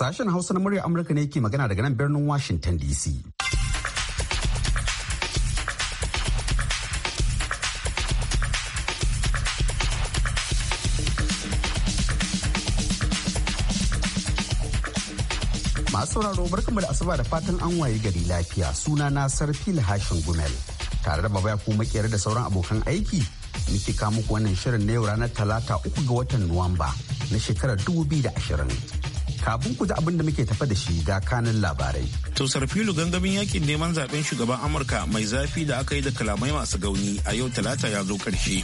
Sashen Hausa na muryar Amurka ne ke magana daga nan birnin Washington DC. Masu sauraro barkanmu da asuba da fatan an waye gari lafiya suna na Sarfil Hashin Gumel. Tare da babaya ku makiyar da sauran abokan aiki muke kawo muku wannan shirin na yau ranar talata uku ga watan Nuwamba na shekarar 2020. kafin ku ji abin da muke tafa da shi ga kanin labarai. Tausar filu gangamin yakin neman zaben shugaban Amurka mai zafi da aka yi da kalamai masu gauni a yau talata ya zo karshe.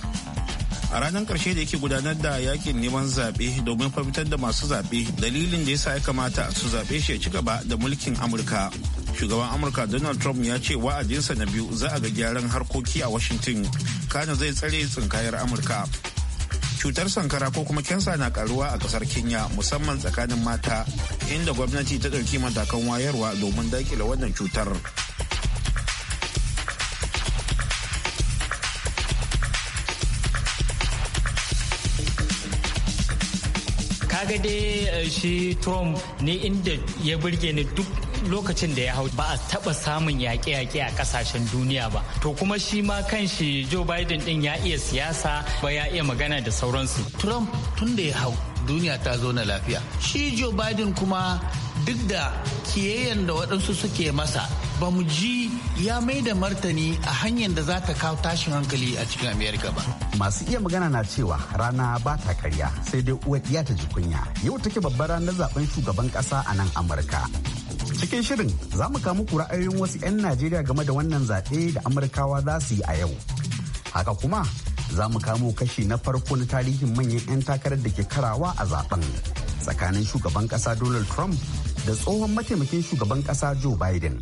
A ranar karshe da yake gudanar da yakin neman zaɓe domin fahimtar da masu zaɓe dalilin da yasa ya kamata su zaɓe shi ya ci gaba da mulkin Amurka. Shugaban Amurka Donald Trump ya ce wa'adinsa na biyu za a ga gyaran harkoki a Washington. Kana zai tsare tsinkayar Amurka. cutar sankara ko kuma kensa na karuwa a kasar kenya musamman tsakanin mata inda gwamnati ta ɗauki matakan wayarwa domin daƙile wannan cutar kaga dai eh, shi tom ne inda ya burge ni duk lokacin da ya hau ba a taba samun yaƙe-yaƙe a kasashen duniya ba to kuma shi ma kanshi joe biden din ya iya siyasa ba ya iya magana da sauransu trump tun da ya hau duniya ta zo na lafiya shi joe biden kuma duk da kiyayen da waɗansu suke masa ba mu ji ya mai da martani a hanyar da za ta kawo tashin hankali a cikin amerika ba masu iya magana na cewa rana ba ta karya sai dai uwa ta ji kunya yau take babbar ranar zaben shugaban ƙasa a nan amurka Cikin shirin za mu kamu ra'ayoyin wasu 'yan Najeriya game da wannan zaɓe da Amurkawa za su yi a yau. Haka kuma za mu kamo kashi na farko na tarihin manyan 'yan takarar da ke karawa a zaben tsakanin shugaban ƙasa Donald Trump da tsohon mataimakin shugaban ƙasa Joe Biden.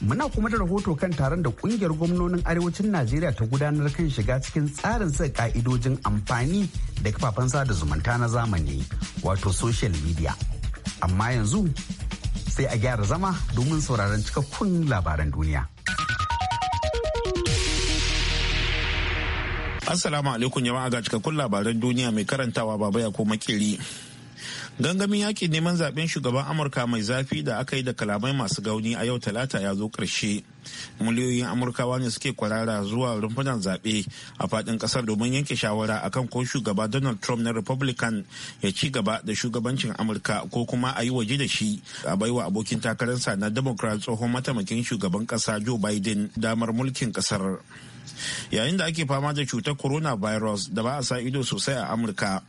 Muna kuma da rahoto kan taron da kungiyar gwamnonin arewacin Najeriya ta gudanar kan shiga cikin tsarin sa ka'idojin amfani da kafafen sada zumunta na zamani wato social media. Amma yanzu sai a gyara zama domin sauraron cikakkun labaran duniya. Assalamu alaikum jama'a ga cikakkun labaran duniya mai karantawa baba ya ko makeri. gangamin yakin neman zaben shugaban amurka mai zafi da aka yi da kalamai masu gauni a yau talata ya zo ƙarshe miliyoyin amurkawa ne suke kwarara zuwa rumfunan zaɓe a faɗin ƙasar domin yanke shawara akan ko shugaba donald trump na republican ya ci gaba da shugabancin amurka ko kuma a yi waje da shi a baiwa abokin takararsa na democrat tsohon mataimakin shugaban ƙasa joe biden damar mulkin ƙasar yayin da ake fama da cutar coronavirus da ba a sa ido sosai a amurka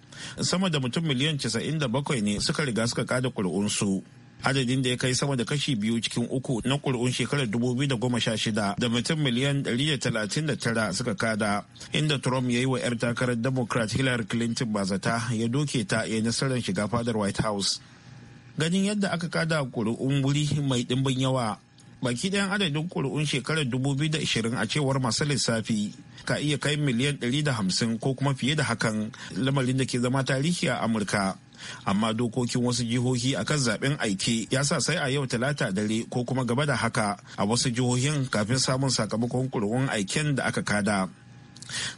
sama da mutum miliyan 97 ne suka riga suka kada kuri'unsu adadin da ya kai sama da kashi biyu cikin uku na kuri'un shekarar 2016 da mutum miliyan 139 suka kada inda trump ya yi wa 'yar takarar democrat hillary clinton bazata ya doke ta ya nasarar shiga fadar white house ganin yadda aka kada kuri'un wuri mai dimbin yawa baki ɗayan adadin ƙuri'un shekarar 2020 a cewar masu lissafi ka iya kai miliyan 150 ko kuma fiye da hakan lamarin da ke zama tarihi a amurka amma dokokin wasu jihohi a kan zaben aike ya sa sai a yau talata dare ko kuma gaba da haka a wasu jihohin kafin samun sakamakon ƙuri'un aiken da aka kada.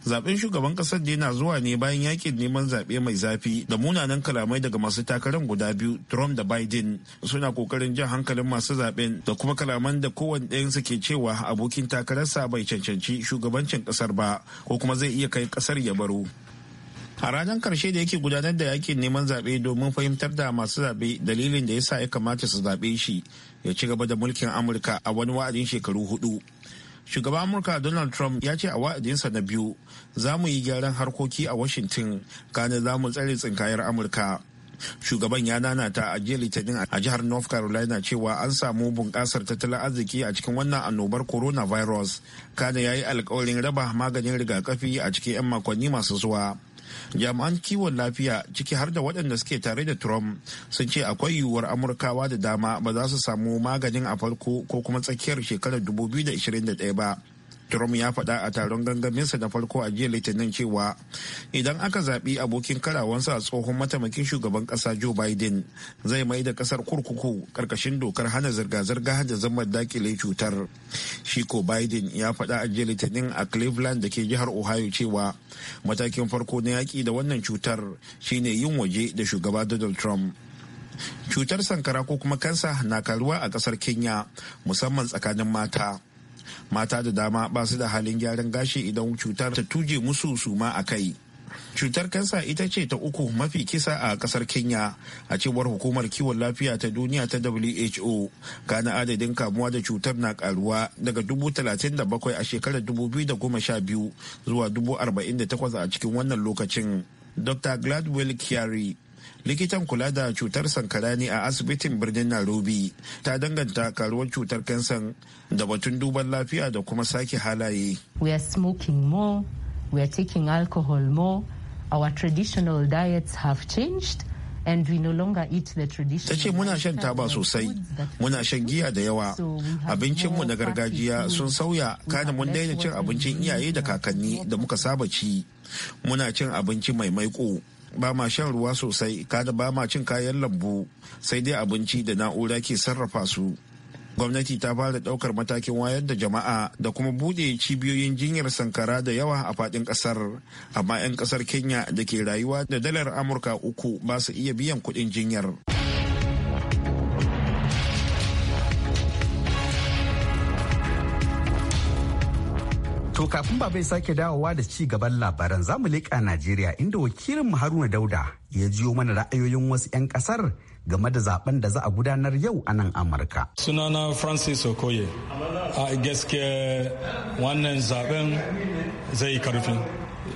zaben shugaban kasar da yana zuwa ne bayan yakin neman zaɓe mai zafi da munanan kalamai daga masu takarar guda biyu trump da biden suna kokarin jan hankalin masu zaben da kuma kalaman da kowane ɗayansu ke cewa abokin takararsa bai cancanci shugabancin kasar ba ko kuma zai iya kai kasar ya baro a ranar karshe da yake gudanar da yakin neman zaɓe domin fahimtar da masu zaɓe dalilin da ya sa ya kamata su zaɓe shi ya ci gaba da mulkin amurka a wani wa'adin shekaru hudu shugaban amurka donald trump ya ce a wa'adinsa na biyu za mu yi gyaran harkoki a washington kane za mu tsare tsinkayar amurka shugaban ya nanata a jiya litinin a jihar north carolina cewa an samu bunƙasar tattalin arziki a cikin wannan annobar coronavirus kada ya yi alkawarin raba maganin rigakafi a cikin 'yan makonni masu zuwa jami'an kiwon lafiya ciki har da waɗanda suke tare da trump sun ce akwai yiwuwar amurkawa da dama ba za su samu maganin a farko ko kuma tsakiyar shekarar 2021 ba Trump ya faɗa a taron gangaminsa na farko a jiya litinin cewa idan aka zaɓi abokin karawansa a tsohon mataimakin shugaban ƙasa Joe Biden zai mai da ƙasar kurkuku ƙarƙashin dokar hana zirga-zirga da zama dakile cutar. Shi ko Biden ya faɗa a jiya litinin a Cleveland da ke jihar Ohio cewa matakin farko na yaƙi da wannan cutar shine yin waje da shugaba Donald Trump. Cutar sankara ko kuma kansa na karuwa a ƙasar Kenya musamman tsakanin mata. mata da dama ba su da halin gyaran gashi idan cutar ta tuje musu suma a kai cutar kansa ita ce ta uku mafi kisa a kasar kenya a cewar hukumar kiwon lafiya ta duniya ta who gana adadin kamuwa da cutar na karuwa daga bakwai a shekarar 2012 zuwa takwas a cikin wannan lokacin dr gladwell kyari likitan kula da cutar sankara ne a asibitin birnin nairobi ta danganta karuwar cutar kansan da batun duban lafiya da kuma sake halaye we are smoking more we are taking alcohol more our traditional diets have changed ta ce muna shan taba sosai muna shan giya da yawa abincinmu na gargajiya sun sauya kana mun daina cin abincin iyaye da kakanni da muka saba ci muna cin abinci mai maiko ba ma shan ruwa sosai kada ba ma cin kayan lambu sai dai abinci da na'ura ke sarrafa su gwamnati ta fara daukar matakin wayar da jama'a da kuma bude cibiyoyin jinyar sankara da yawa a fadin kasar amma 'yan kasar kenya da ke rayuwa da dalar amurka uku ba su iya biyan kudin jinyar. To kafin ba bai sake dawowa da ci gaban labaran zamu leƙa Najeriya inda wakilin Haruna Dauda ya jiyo mana ra'ayoyin wasu 'yan kasar game da zaben da za a gudanar yau a nan Amurka. Sunana Francis Okoye. A gaske wannan zaben zai karfi.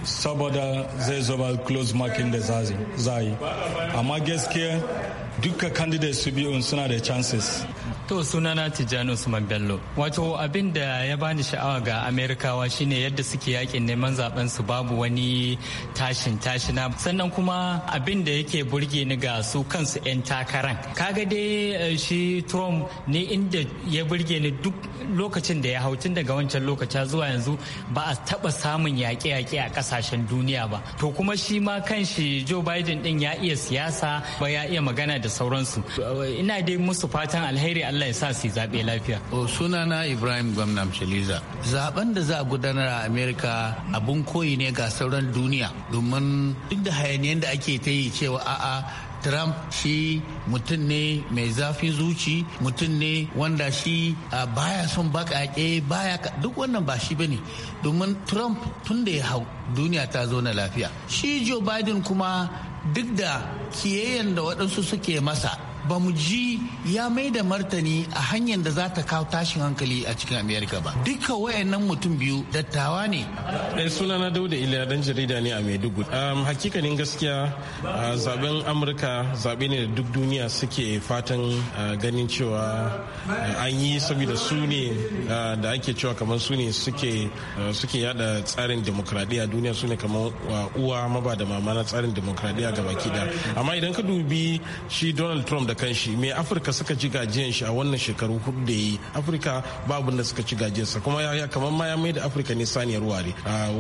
saboda zai zaba close marking da za yi amma gaskiya duka candidates su biyun suna da chances To sunana Tijjani Usman Bello. Wato abin da ya bani sha'awa ga Amerikawa shine yadda suke yakin neman zaben su babu wani tashin tashina. Sannan kuma abin da yake burge ni ga su kansu 'yan takaran. Kaga dai eh, shi Trump ne inda ya burge ni duk lokacin da ya hau tun daga wancan lokaci zuwa yanzu ba a taba samun yaƙe-yaƙe a kasashen duniya ba. To kuma shi ma kanshi Joe Biden din ya iya siyasa ba ya iya magana da sauransu. Eh, ina dai musu fatan alheri Allah Allah ya sa su zaɓe lafiya. O sunana Ibrahim Gwamnam Shaliza. Zaben da za a gudanar a Amerika abun koyi ne ga sauran duniya domin duk da hayaniyar da ake ta yi cewa a'a Trump shi mutum ne mai zafin zuci mutum ne wanda shi baya son bakake baya duk wannan ba shi bane domin Trump tun da ya hau duniya ta zo na lafiya. Shi Joe Biden kuma duk da kiyayen da waɗansu suke masa ba mu ji ya mai da martani a hanyar da za ta kawo tashin hankali a cikin amerika ba duka wayannan mutum biyu dattawa ne ɗaya eh, sunana dauda iliya dan jarida ne a maiduguri um, hakikanin gaskiya uh, zaben amurka zaɓe ne da duk duniya suke fatan uh, ganin cewa uh, an yi saboda su ne da ake cewa kamar su ne suke yada tsarin demokradiyya duniya su ne kamar uwa maba da mama na tsarin demokradiyya gabaki da amma idan ka dubi shi donald trump da kanshi me afirka suka ci gajiyan shi a wannan shekaru hudu da yi afirka babu da suka ci gajiyarsa kuma ya kamar ma ya mai da afirka ne saniyar ware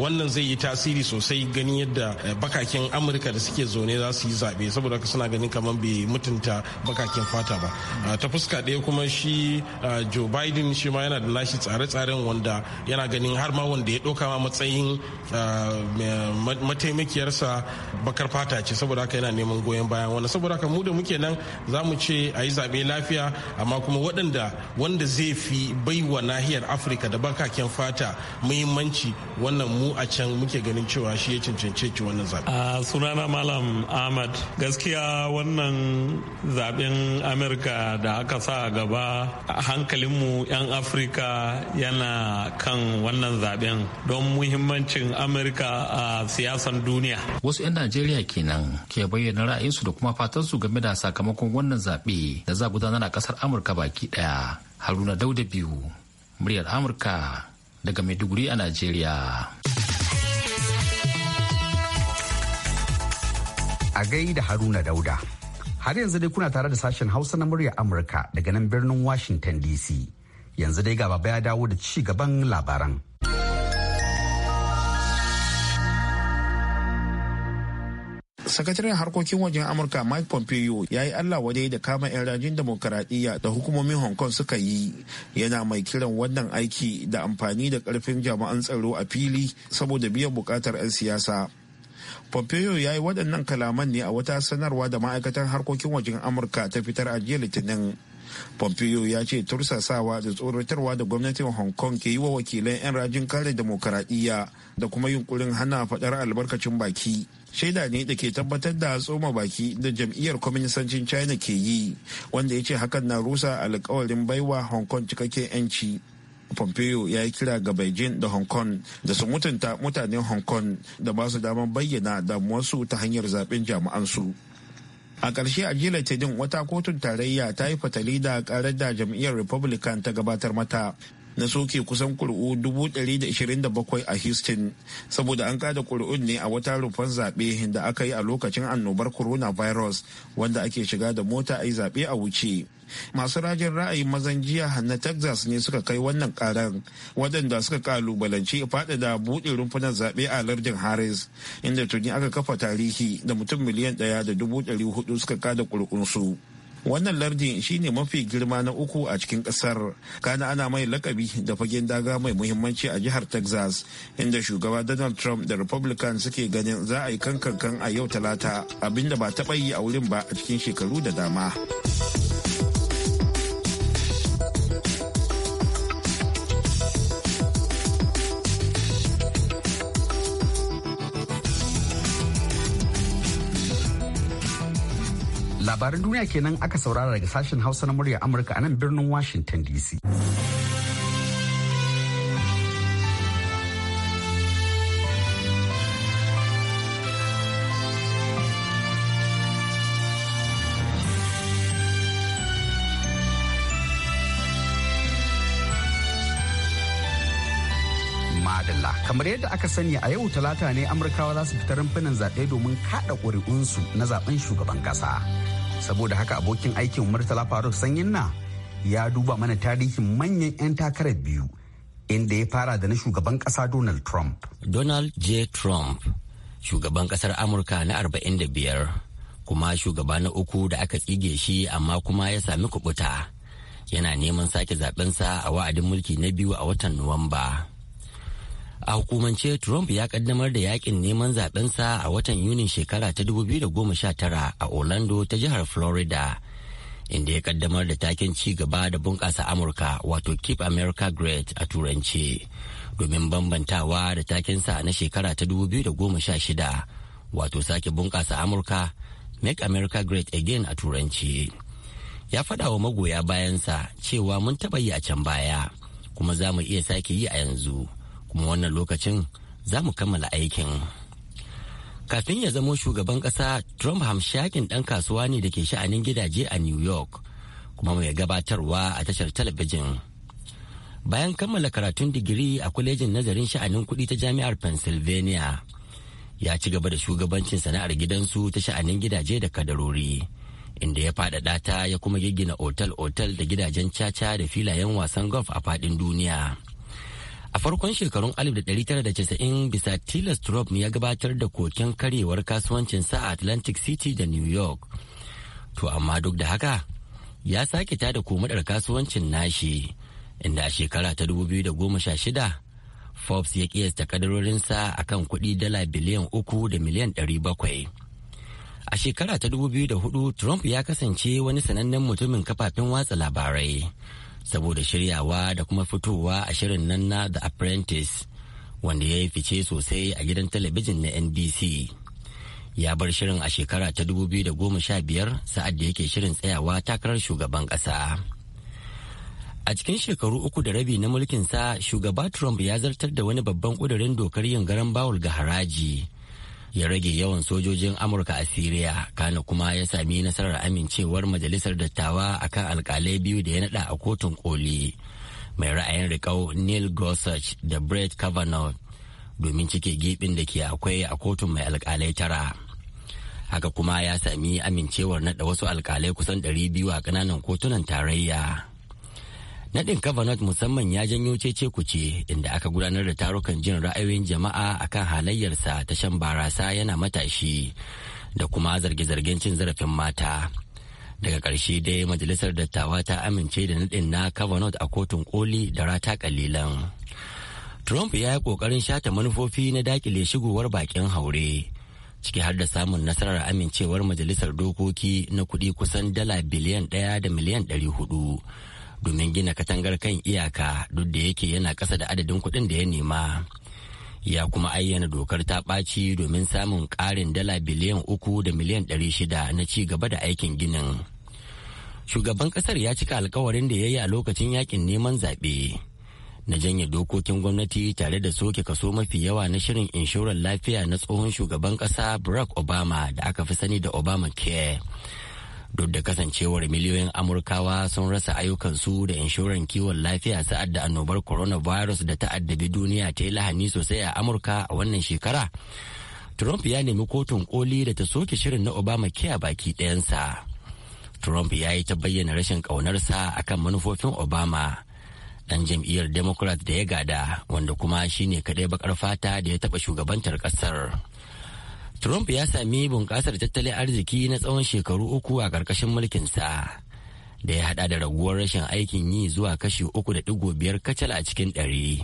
wannan zai yi tasiri sosai ganin yadda eh, bakakin amurka da suke zaune za su yi zaɓe saboda haka suna ganin kamar bai mutunta bakakin fata ba ta fuska ɗaya kuma shi joe biden shi ma yana da nashi tsare-tsaren wanda yana ganin har ma wanda ya ɗauka ma matsayin mataimakiyarsa bakar fata ce saboda haka yana neman goyon bayan wanda saboda haka mu da muke nan za zamu mu ce a yi zaɓe lafiya amma kuma waɗanda wanda zai fi baiwa nahiyar afirka da bakaken fata muhimmanci wannan mu a can muke ganin cewa shi ya cancance ci wannan zaɓe. a sunana malam ahmad gaskiya wannan zaɓen amurka da aka sa a gaba hankalinmu 'yan afirka yana kan wannan zaɓen don muhimmancin amurka a siyasan duniya wasu 'yan najeriya kenan ke bayyana ra'ayinsu da kuma fatansu game da sakamakon wannan wannan zaɓe da za gudanar a ƙasar amurka baki ɗaya haruna dauda biyu muryar amurka daga maiduguri a najeriya a da haruna dauda har yanzu dai kuna tare da sashen hausa na muryar amurka daga nan birnin washington dc yanzu dai gaba ya dawo da ci gaban labaran. sakataren harkokin wajen amurka mike pompeo ya yi allah wadai da kama 'yan rajin demokaradiyya da hukumomin hong kong suka yi yana mai kiran wannan aiki da amfani da karfin jama'an tsaro a fili saboda biyan bukatar 'yan siyasa pompeo ya yi waɗannan kalaman ne a wata sanarwa da ma'aikatan harkokin wajen amurka ta fitar a jiya litinin pompeo ya ce tursasawa da tsoratarwa da gwamnatin hong kong ke yi wa wakilan 'yan rajin kare demokaradiyya da kuma yunkurin hana faɗar albarkacin baki shaida ne da ke tabbatar da tsoma baki da jam'iyyar kwaminisancin china ke yi wanda ya ce hakan na rusa alkawarin baiwa hong kong cikakken 'yanci pompeo ya yi kira ga beijing da hong kong da su mutunta mutanen hong kong da ba su damar bayyana damuwarsu ta hanyar zaben jami'ansu. a ƙarshe a jiya litinin wata kotun tarayya ta yi fatali da ƙarar da jam'iyyar republican ta gabatar mata na soke kusan kuri'u 127 a houston saboda an kada kuri'un ne a wata rufan zaɓe da aka yi a lokacin annobar coronavirus wanda ake shiga da mota a yi zaɓe a wuce masu rajin ra'ayin mazan jiya na texas ne suka kai wannan karan wadanda suka kalubalanci da buɗe rumfunan zaɓe a lardin harris inda tuni aka kafa tarihi da mutum miliyan ɗaya da dubu ɗari hudu suka kada ƙuri'unsu. su wannan lardin shine mafi girma na uku a cikin kasar kana ana mai lakabi da fagen daga mai muhimmanci a jihar texas inda shugaba donald trump da republican suke ganin za a yi kankan a yau talata abinda ba taɓa yi a wurin ba a cikin shekaru da dama. labaran duniya kenan aka saurara daga sashen hausa na murya amurka a nan birnin washington dc kamar yadda aka sani a yau talata ne amurkawa za su fita rumfunan zaɓe domin kaɗa ƙuri'unsu na zaɓen shugaban ƙasa. saboda haka abokin aikin murtala faruk sanyin na ya duba mana tarihin manyan 'yan takarar biyu inda ya fara da na shugaban kasa donald trump donald j trump shugaban kasar amurka na 45 kuma shugaba na uku da aka tsige shi amma kuma ya sami kubuta yana neman sake zabensa a wa'adin mulki na biyu a watan nuwamba A hukumance Trump ya kaddamar da yakin neman zabensa a watan Yunin shekara ta 2019 a Orlando ta jihar Florida. Inda ya kaddamar da takin ci gaba da bunƙasa Amurka wato Keep America Great a turanci Domin bambantawa da takinsa na shekara ta 2016 wato sake bunƙasa Amurka Make America Great Again a Turanci. Ya faɗa wa magoya bayansa cewa mun taɓa yi a can baya kuma za mu iya sake yi a yanzu. kuma wannan lokacin za mu kammala aikin kafin ya zamo shugaban kasa trump hamshakin ɗan kasuwa ne da ke sha'anin gidaje a new york kuma mai gabatarwa a tashar talabijin bayan kammala karatun digiri a kwalejin nazarin sha'anin kuɗi ta jami'ar pennsylvania ya ci gaba da shugabancin sana'ar gidansu ta sha'anin gidaje da kadarori inda ya faɗaɗa ta ya kuma giggina otal-otal da gidajen caca da filayen wasan golf a faɗin duniya. a farkon shekarun 1990 bisa tilas trump ya gabatar da koken karewar kasuwancinsa a atlantic city da new york to amma duk da haka ya sake ta da komadar kasuwancin nashi inda a shekara ta 2016 forbes ya kiyasta kadarorinsa a kan kudi dala biliyan uku da miliyan 700 a shekara ta 2004 trump ya kasance wani sanannen mutumin kafafen watsa labarai saboda shiryawa da kuma fitowa a shirin nan na The Apprentice wanda ya yi fice sosai a gidan talabijin na NBC. Ya bar shirin a shekara ta 2015 sa'ad da yake shirin tsayawa takarar shugaban ƙasa. A cikin shekaru uku da rabi na mulkin sa, shugaba Trump ya zartar da wani babban ƙudurin dokar yin garan bawul ga haraji. ya rage yawan sojojin amurka a siriya kana kuma ya sami nasarar amincewar majalisar dattawa akan alkalai biyu da ya nada a kotun koli mai ra'ayin rikau neil gorsuch da brett kavanaugh domin cike gibin da ke akwai a kotun mai alkalai tara haka kuma ya sami amincewar nada wasu alkalai kusan 200 a ƙananan kotunan tarayya Naɗin Kavanaugh musamman ya janyo cece ce inda aka gudanar da tarukan jin ra'ayoyin jama'a akan halayyarsa ta shan barasa yana matashi da kuma zarge-zargen cin zarafin mata. Daga ƙarshe dai majalisar dattawa ta amince da naɗin na Kavanaugh a kotun koli da rata kalilan. Trump ya yi ƙoƙarin shata manufofi na dakile shigowar baƙin haure. ciki har da samun nasarar amincewar majalisar dokoki na kuɗi kusan dala biliyan ɗaya da miliyan ɗari hudu domin gina katangar kan iyaka duk da yake yana kasa da adadin kuɗin da ya nema ya kuma ayyana dokar ta ɓaci domin samun ƙarin dala biliyan uku da miliyan ɗari shida na ci gaba da aikin ginin shugaban ƙasar ya cika alkawarin da ya yi a lokacin yakin neman zaɓe na janye dokokin gwamnati tare da soke kaso mafi yawa na shirin inshorar lafiya na tsohon shugaban ƙasa barack obama da aka fi sani da obama care duk da kasancewar miliyoyin amurkawa sun rasa ayyukansu da inshoran kiwon lafiya sa'ad da annobar coronavirus da ta addabi duniya ta yi lahani sosai a amurka a wannan shekara trump ya nemi kotun koli da ta soke shirin na obama kiya baki ɗayansa trump ya yi ta bayyana rashin ƙaunarsa akan manufofin obama dan jam'iyyar democrat da ya gada wanda kuma shine kadai bakar fata da ya taɓa shugabantar ƙasar. Trump ya sami bunƙasar tattalin arziki na tsawon shekaru uku a ƙarƙashin mulkinsa. Da ya haɗa da raguwar rashin aikin yi zuwa kashi uku da ɗigo biyar kacal a cikin ɗari.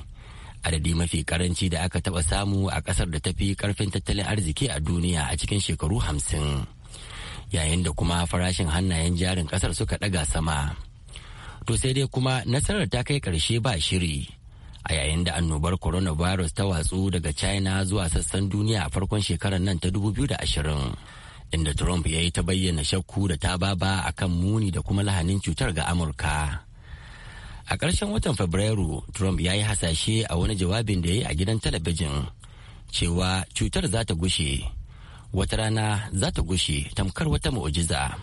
Adadi mafi karanci da aka taɓa samu a ƙasar da ta fi ƙarfin tattalin arziki a duniya a cikin shekaru hamsin. Yayin da kuma farashin hannayen jarin ƙasar suka ɗaga sama. To sai dai kuma nasarar ta kai ƙarshe ba shiri. a yayin da annobar coronavirus ta watsu daga china zuwa sassan duniya a farkon shekarar nan ta 2020 inda trump ya yi ta bayyana shakku da ta baba a kan muni da kuma lahanin cutar ga amurka a ƙarshen watan fabrairu trump ya yi hasashe a wani jawabin da ya yi a gidan talabijin cewa cutar za ta gushe wata rana za ta gushe tamkar wata mu'ujiza.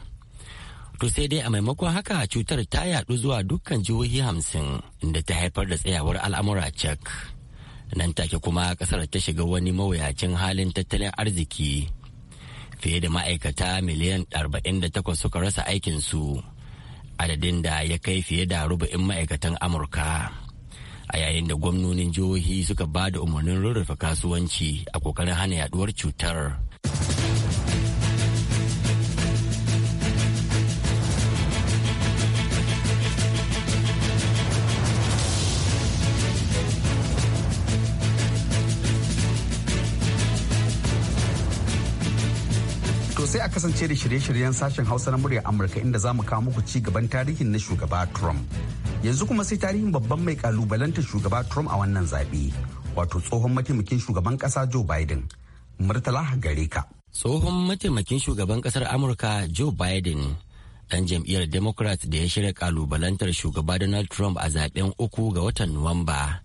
To sai dai a maimakon haka cutar ta yadu zuwa dukkan jihohi hamsin inda ta haifar da tsayawar al'amura cek. Nan take kuma kasar ta shiga wani mawuyacin halin tattalin arziki. Fiye da ma'aikata miliyan 48 suka rasa aikinsu, adadin da ya kai fiye da rubu'in ma'aikatan Amurka. A yayin da gwamnonin jihohi suka ba da umarnin rurrufe kasuwanci a kokarin hana yaduwar cutar. To sai a kasance da shirye-shiryen sashen Hausa na murya Amurka inda za mu kawo muku ci gaban tarihin na shugaba Trump. Yanzu kuma sai tarihin babban mai kalubalanta shugaba Trump a wannan zaɓe, wato tsohon mataimakin shugaban ƙasa Joe Biden. Murtala gare ka. Tsohon mataimakin shugaban ƙasar Amurka Joe Biden ɗan jam'iyyar Democrat da ya shirya kalubalantar shugaba Donald Trump a zaben uku ga watan Nuwamba.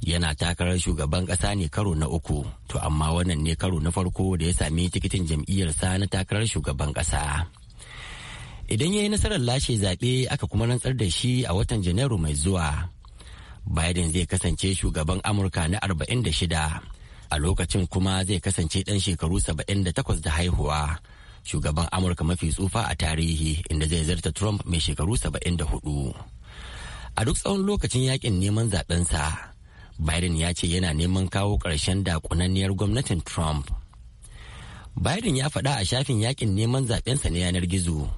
yana takarar shugaban ƙasa ne karo na uku to amma wannan ne karo na farko da ya sami tikitin jam'iyyarsa na takarar shugaban ƙasa idan ya yi nasarar lashe zaɓe aka kuma rantsar da shi a watan janairu mai zuwa biden zai kasance shugaban amurka na 46 a lokacin kuma zai kasance ɗan shekaru 78 da haihuwa shugaban amurka mafi tsufa a tarihi inda zai zarta trump mai shekaru 74 a duk tsawon lokacin yakin neman zaɓensa Biden ya ce yana neman kawo ƙarshen dakunanniyar gwamnatin Trump. Biden ya faɗa a shafin yakin neman zaɓensa na yanar gizo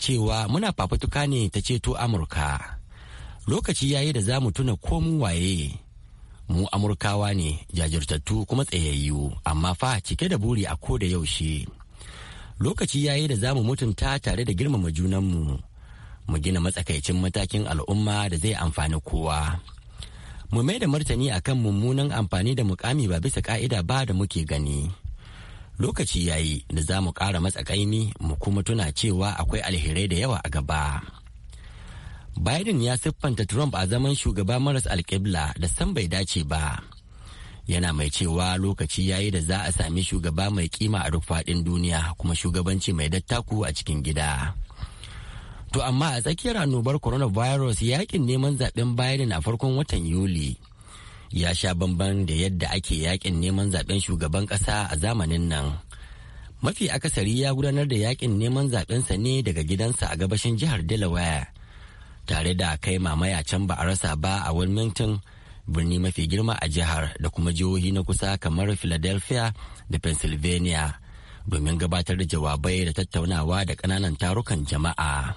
cewa muna fafutuka ne ta ceto Amurka. Lokaci ya yi da za mu tuna komu waye. Mu Amurkawa ne jajirtattu kuma tsayayyu amma fa cike da buri a ko da yaushe. Lokaci ya yi da za mu mutunta tare da girmama junanmu. mu gina matsakaicin matakin al'umma da zai amfani kowa. mu mai da martani a kan mummunan amfani da mukami ba bisa ka'ida ba da muke gani lokaci yayi da za mu ƙara matsakaimi mu kuma tuna cewa akwai alherai da yawa a gaba biden ya siffanta trump a zaman shugaba maras alkibla da san bai dace ba yana mai cewa lokaci yayi da za a sami shugaba mai kima a duk faɗin duniya kuma shugabanci mai dattaku a cikin gida. To amma a tsakiyar annobar coronavirus yakin neman zaben Biden a farkon watan Yuli ya sha bamban da yadda ake yakin neman zaben shugaban kasa a zamanin nan. Mafi akasari ya gudanar da yakin neman zabensa ne daga gidansa a gabashin jihar Delaware tare da kai mamaya can ba a rasa ba a Wilmington birni mafi girma a jihar da kuma jihohi na kusa kamar Philadelphia da Pennsylvania domin gabatar da jawabai da tattaunawa da ƙananan tarukan jama'a.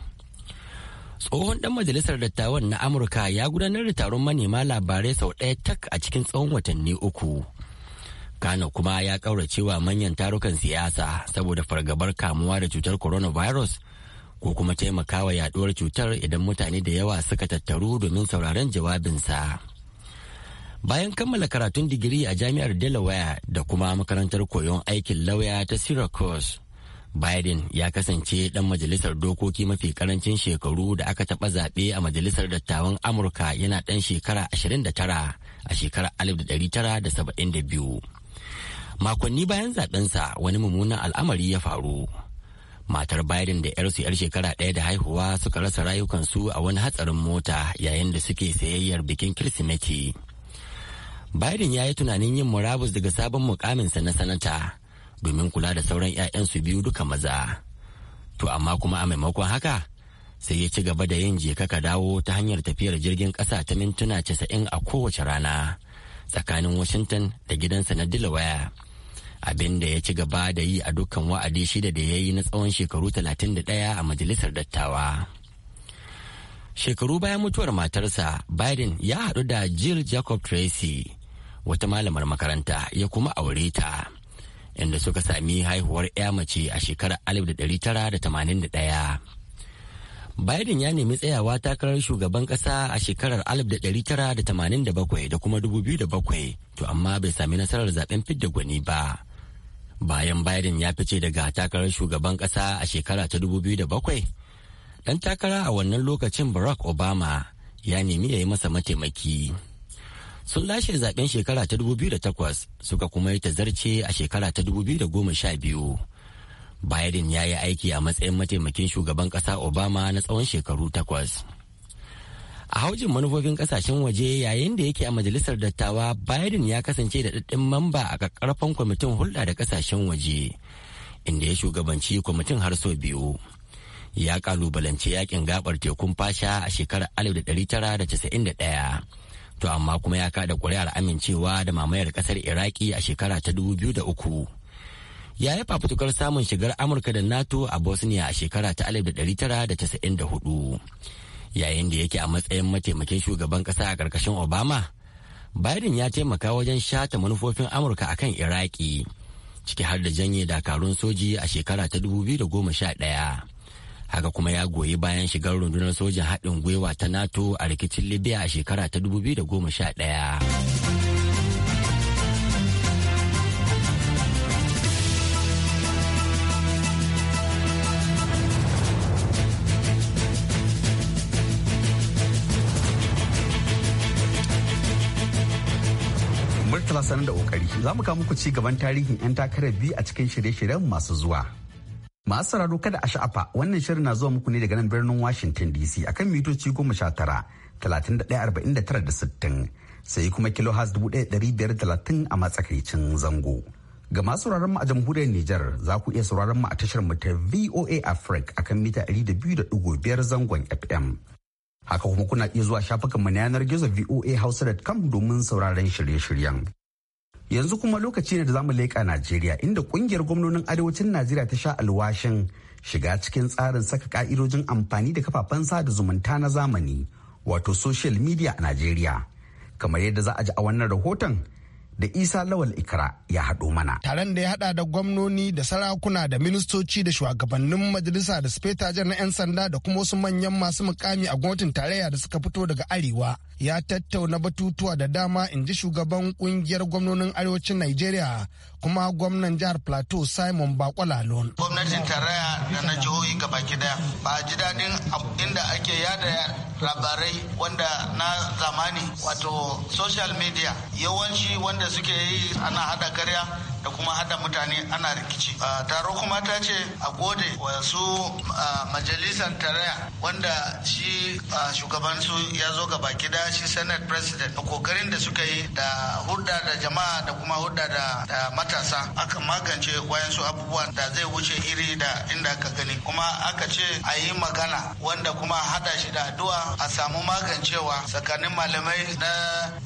tsohon dan majalisar dattawan na amurka ya gudanar da taron manema labarai sau ɗaya tak a cikin tsawon watanni uku kano kuma ya kauracewa manyan tarukan siyasa saboda fargabar kamuwa da cutar coronavirus ko kuma taimakawa yaduwar cutar idan mutane da yawa suka tattaru domin sauraron jawabinsa bayan kammala karatun digiri a jami'ar delaware da kuma makarantar koyon aikin lauya ta syracuse Biden ya kasance ɗan majalisar dokoki mafi karancin shekaru da aka taɓa zaɓe a majalisar dattawan Amurka yana ɗan shekara 29 a shekarar 1972. Makonni bayan zaɓensa wani mummunan al'amari ya faru. Matar Biden da 'yarsu 'yar shekara ɗaya da haihuwa suka rasa rayukansu a wani hatsarin mota yayin da suke sayayyar bikin Kirsimeti. Biden ya yi tunanin yin murabus daga sabon mukaminsa na sanata. domin kula da sauran 'ya'yansu biyu duka maza to amma kuma a maimakon haka sai ya ci gaba da yin jeka ka dawo ta hanyar tafiyar jirgin ƙasa ta mintuna casa'in a kowace rana tsakanin washington da gidansa na delaware abin da ya ci gaba da yi a dukkan wa'adi shida da ya yi na tsawon shekaru talatin da ɗaya a majalisar dattawa. Shekaru bayan mutuwar matarsa, Biden ya haɗu da Jill Jacob Tracy, wata malamar makaranta ya kuma aure ta. inda suka sami haihuwar 'ya mace a shekarar 1981. Biden ya nemi tsayawa takarar shugaban kasa a shekarar 1987 da kuma 2007 to amma bai sami nasarar zaben fidda gwani ba. Bayan Biden ya fice daga takarar shugaban kasa a shekara ta 2007, ɗan takara a wannan lokacin Barack Obama ya nemi ya yi masa mataimaki. sun lashe zaben shekara ta 2008 suka kuma yi tazarce a shekara ta 2012 biden ya yi aiki a matsayin mataimakin shugaban kasa obama na tsawon shekaru takwas a haujin manufofin kasashen waje yayin da yake a majalisar dattawa biden ya kasance da daddin mamba a ƙaƙƙarfan kwamitin hulɗa da kasashen waje inda ya shugabanci kwamitin har sau biyu ya kalubalance yakin gabar tekun fasha a shekarar 1991 to amma kuma ya kada kuri'ar amincewa da mamayar kasar iraki a shekara ta 2003 ya yi fafutukar samun shigar amurka da nato a bosnia a shekara ta 1994 yayin da yake a matsayin mataimakin shugaban kasa a karkashin obama biden ya taimaka wajen shata manufofin amurka a kan iraki ciki har da janye dakarun soji a shekara ta 2011 haka kuma ya goyi bayan shigar rundunar sojin haɗin gwiwa ta nato a rikicin libya a shekara ta 2011 sanar da ƙoƙari za mu ku ci gaban tarihin 'yan takarar biyu a cikin shirye-shiryen masu zuwa Masu sauraro kada a sha'afa wannan shirin na zuwa muku ne daga nan birnin Washington DC akan mitoci goma sha tara talatin da ɗaya arba'in da tara da sittin sai kuma kilo has dubu ɗaya ɗari biyar talatin a matsakaicin zango. Ga masu sauraron mu a jamhuriyar Nijar za ku iya sauraron mu a tashar mu ta VOA Africa akan mita ɗari da biyu da ɗigo biyar zangon FM. Haka kuma kuna iya zuwa shafukanmu na yanar gizo voahausa.com domin sauraron shirye-shiryen. yanzu kuma lokaci ne da zamu leƙa najeriya inda kungiyar gwamnonin arewacin najeriya ta sha alwashin shiga cikin tsarin saka ƙa'idojin amfani da kafafen sada zumunta na zamani wato social media a najeriya kamar yadda za a ji a wannan rahoton da isa lawal ikra ya haɗo mana taron da ya haɗa da gwamnoni da sarakuna da ministoci da shugabannin majalisa da sufetajen na 'yan sanda da kuma wasu manyan masu mukami a gwamnatin tarayya da suka fito daga arewa ya tattauna batutuwa da dama in ji shugaban kungiyar gwamnonin arewacin nigeria kuma gwamnan jihar plateau simon bakwalalon gwamnatin tarayya da na jihohi gaba daya ba ji daɗin inda ake yada labarai wanda na zamani wato social media yawanci wanda suke yi ana hada karya da kuma hada mutane ana rikici taro kuma ta ce a gode wasu majalisar tarayya wanda shi shugaban ya zo gaba gida shi senate president da kokarin da suka yi da hulɗa da jama'a da kuma hulɗa da matasa aka magance wayansu abubuwan da zai wuce iri da inda ka gani kuma aka ce a yi magana wanda kuma hada shi da addu'a a samu magancewa tsakanin malamai na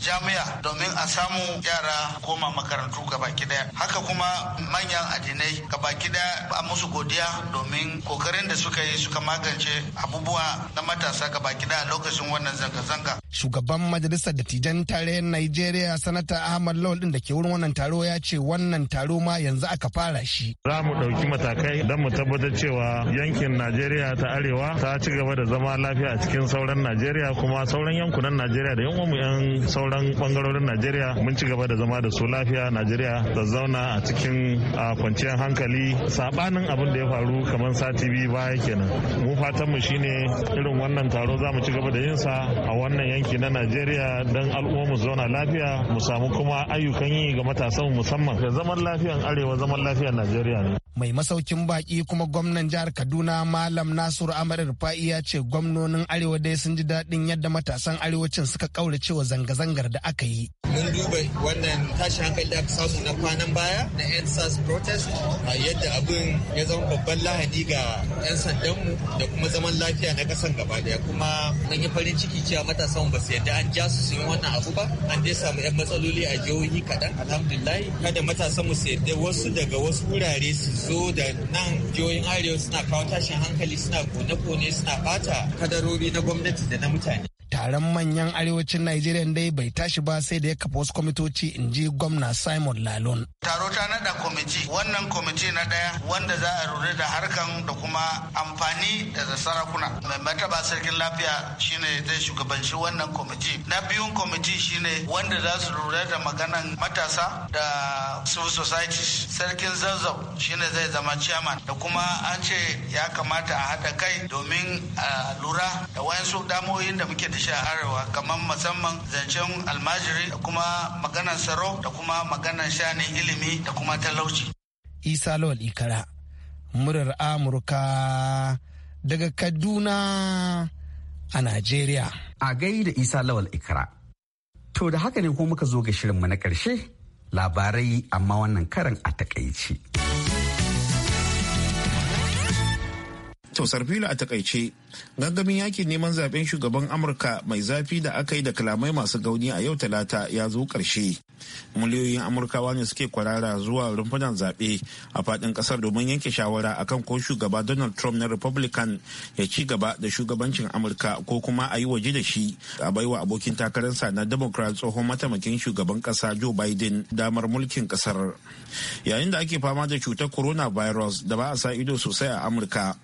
jami'a domin a samu yara koma makarantu gaba gida. haka kuma manyan addinai gabaki daya a musu godiya domin kokarin da suka yi suka magance abubuwa na matasa gabaki daya a lokacin wannan zanga-zanga shugaban majalisar dattijan tarayyar Najeriya sanata Ahmad Lawal din da ke wurin wannan taro ya ce wannan taro ma yanzu aka fara shi. Za mu ɗauki matakai don mu tabbatar cewa yankin Najeriya ta arewa ta ci gaba da zama lafiya a cikin sauran Najeriya kuma sauran yankunan Najeriya da yan mu sauran bangarorin Najeriya mun ci gaba da zama da su lafiya Najeriya da zauna magana a cikin kwanciyar hankali sabanin abin da ya faru kamar sati biyu baya kenan mu fatan mu shine irin wannan taro za mu ci gaba da yin sa a wannan yanki na najeriya don mu zauna lafiya mu samu kuma ayyukan yi ga matasan musamman da zaman lafiyan arewa zaman lafiyan najeriya ne mai masaukin baki kuma gwamnan jihar kaduna malam nasiru amar rufa'i ya ce gwamnonin arewa dai sun ji daɗin yadda matasan arewacin suka kaurace wa zanga-zangar da aka yi mun duba wannan tashi hankali da aka samu na kwanan baya na yan sas protest a yadda abin ya zama babban lahani ga yan sandanmu da kuma zaman lafiya na kasan gaba daya kuma mun yi farin ciki cewa matasan ba su yadda an ja su yi wannan abu ba an dai samu yan matsaloli a jihohi kaɗan alhamdulillah kada matasan mu su yadda wasu daga wasu wurare su zo da nan jihohin arewa suna kawo tashin hankali suna kone-kone suna bata kadarori na gwamnati da na mutane taron manyan arewacin Najeriya dai bai tashi ba sai da ya kafa wasu kwamitoci in ji gwamna Simon Lalon. Taro ta nada kwamiti wannan kwamiti na daya wanda za a rure da harkan da kuma amfani da sarakuna. Mai mataba sarkin lafiya shine zai shugabanci wannan kwamiti. Na biyun kwamiti shine wanda za su rure da maganan matasa da civil society. Sarkin zazzau shine zai zama chairman da kuma an ce ya kamata a haɗa kai domin a lura da wayansu damoyin da muke da arewa kamar musamman zancen almajiri da kuma maganar tsaro da kuma maganar shanin ilimi da kuma talauci. Isa Lawal Ikara, murar Amurka daga Kaduna a Najeriya. A da Isa Lawal Ikara. To da haka ne ko muka zo ga shirinmu na ƙarshe labarai amma wannan karan a takaici. tausar Sarfila a takaice, gangamin yakin neman zaben shugaban Amurka mai zafi da aka yi da kalamai masu gauni a yau talata ya zo ƙarshe miliyoyin amurkawa ne suke kwarara zuwa rumfunan zaɓe a faɗin ƙasar domin yanke shawara akan ko shugaba donald trump na republican ya ci gaba da shugabancin amurka ko kuma a yi waje da shi a baiwa abokin takararsa na democrat tsohon mataimakin shugaban ƙasa joe biden damar mulkin ƙasar yayin da ake fama da cutar corona virus da ba a sa ido sosai a amurka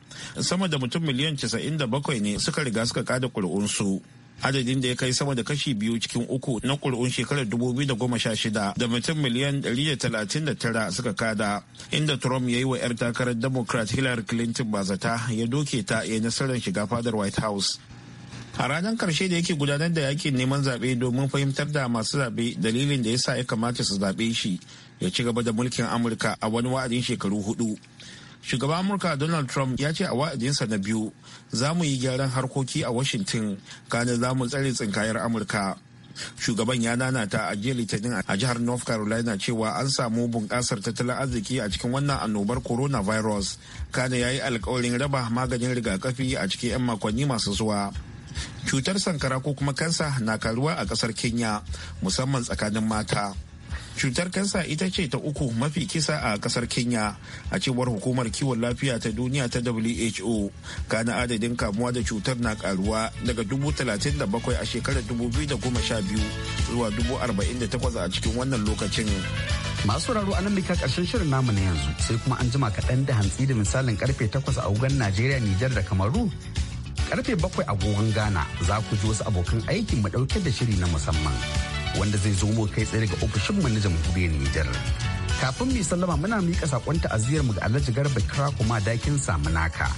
sama da mutum miliyan 97 ne suka riga suka kada kuri'unsu. su adadin da ya kai sama da kashi biyu cikin uku na ƙuri'un shekarar 2016 da mutum miliyan 139 suka kada inda trump ya yi wa 'yar takarar democrat hillary clinton bazata ya doke ta ya nasarar shiga fadar white house a ranar karshe da yake gudanar da yakin neman zaɓe domin fahimtar da masu zaɓe dalilin da ya sa ya kamata su zaɓe shi ya ci gaba da mulkin amurka a wani wa'adin shekaru hudu shugaban amurka donald trump ya ce a wa'adinsa na biyu za mu yi gyaran harkoki a washington gane za mu tsare tsinkayar amurka shugaban ya nanata a jiya litinin a jihar north carolina cewa an samu bunƙasar tattalin arziki a cikin wannan annobar coronavirus kane ya yi alkawarin raba maganin rigakafi a cikin 'yan makonni masu zuwa cutar sankara ko kuma kansa na karuwa a ƙasar kenya musamman tsakanin mata cutar kansa ita ce ta uku mafi kisa a kasar kenya a cewar hukumar kiwon lafiya ta duniya ta who kana adadin kamuwa da cutar na karuwa daga 37 a shekarar 2012 zuwa 48 a cikin wannan lokacin masu raro anan bika karshen shirin namu na yanzu sai kuma an jima kaɗan da hantsi da misalin karfe 8 a ugan najeriya nijar da kamaru karfe 7 gogon ghana za ku ji wasu abokan aiki mu ɗauke da shiri na musamman wanda zai zo mu kai tsaye ga ofishin mu na jamhuriyar Nijar. Kafin mu sallama muna miƙa sakon ta'aziyar mu ga Alhaji Garba Kira kuma dakin Samunaka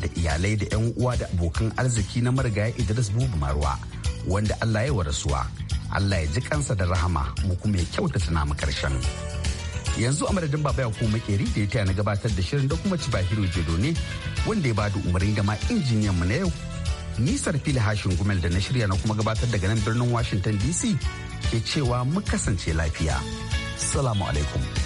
da iyalai da ƴan uwa da abokan arziki na marigaya Idris Bubu Marwa wanda Allah ya wa rasuwa. Allah ya ji kansa da rahama mu kuma ya kyautata mu karshen. yanzu a madadin baba yakubu makeri da ya taya na gabatar da shirin da kuma ci bahiro jedo ne wanda ya bada umarni da ma injiniyan mu na yau nisar fili hashin gumel da na shirya na kuma gabatar daga nan birnin washington dc ke cewa mu kasance lafiya. Salamu alaikum.